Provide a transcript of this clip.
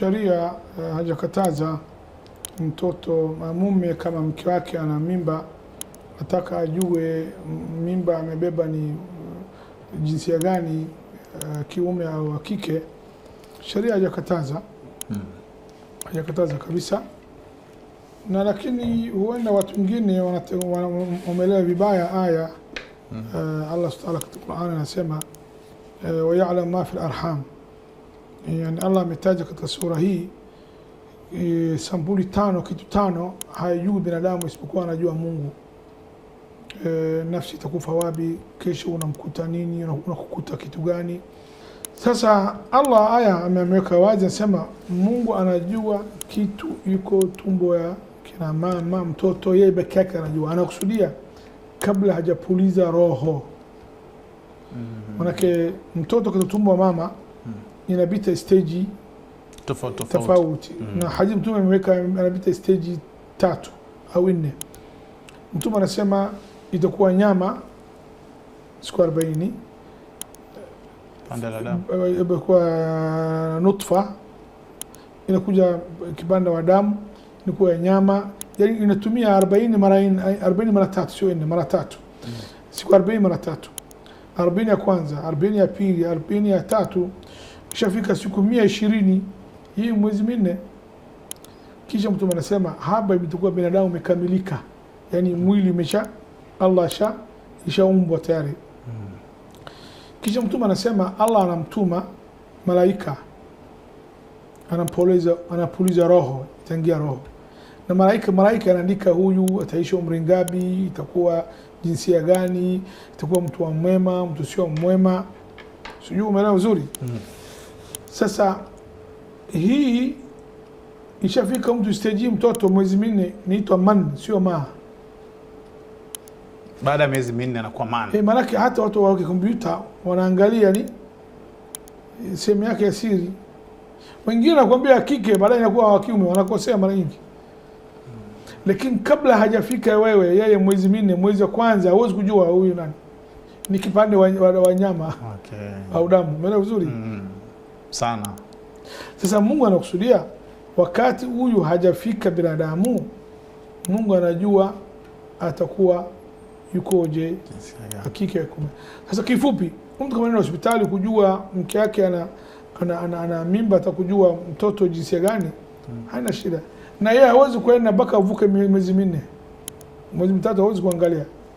Sharia uh, hajakataza mtoto mume kama mke wake ana mimba, nataka ajue mimba amebeba ni eh, jinsia gani, uh, kiume au kike. Sharia hajakataza hmm, hajakataza kabisa na lakini huenda watu wengine wameelewa vibaya aya. Hmm. Allah subhanahu wa ta'ala katika Qur'an anasema, wa ya'lamu ma fil arham yani eh, Allah ametaja katika sura hii e, sampuli tano, kitu tano hayajui binadamu isipokuwa anajua Mungu. E, nafsi itakufa wapi? Kesho unamkuta nini? Unakukuta kitu gani? Sasa Allah aya ameweka wazi, anasema Mungu anajua kitu yuko tumbo ya kina mama mtoto, yeye peke yake anajua. Anakusudia kabla hajapuliza roho, mm-hmm. manake mtoto katika tumbo wa mama inapita steji tofauti tofauti, Mm. na hadithi Mtume ameweka anapita steji tatu au nne. Mtume anasema itakuwa nyama siku 40 damu, eh, eh, kwa nutfa inakuja kibanda wa damu inakuwa nyama, yani inatumia 40 mara 40 mara tatu, sio nne, mara tatu mm. siku 40 mara tatu, 40 ya kwanza, 40 ya pili, 40 ya tatu ishafika siku mia ishirini hii mwezi minne, kisha Mtume anasema hapa imetokuwa binadamu umekamilika, yani mwili umesha Allah sha ishaumbwa tayari. Kisha Mtume anasema Allah anamtuma malaika anapuliza anapuliza roho, itaingia roho na malaika malaika anaandika huyu ataishi umri ngapi, itakuwa jinsia gani, itakuwa mtu wa mwema, mtu sio mwema, sijui umeelewa vizuri mm. Sasa hii ishafika mtu steji, mtoto mwezi minne niitwa man, sio ma. Baada ya miezi minne anakuwa man. Hey, eh, maanake hata watu wa kompyuta wanaangalia ni sehemu yake ya siri. Wengine wanakuambia kike, baadaye inakuwa wa kiume, wanakosea mara nyingi lakini kabla hajafika wewe, yeye mwezi minne, mwezi wa kwanza, huwezi kujua huyu nani, ni kipande wa, wa, wa nyama okay, au damu. Umeelewa vizuri? mm sana. Sasa Mungu anakusudia wakati huyu hajafika binadamu, Mungu anajua atakuwa yukoje, hakika ya kume. Sasa kifupi, mtu kama nenda hospitali kujua mke yake ana, ana, ana, ana mimba, atakujua mtoto jinsia gani, hmm. haina shida, na yeye hawezi kuenda mpaka avuke miezi minne, mwezi mitatu hawezi kuangalia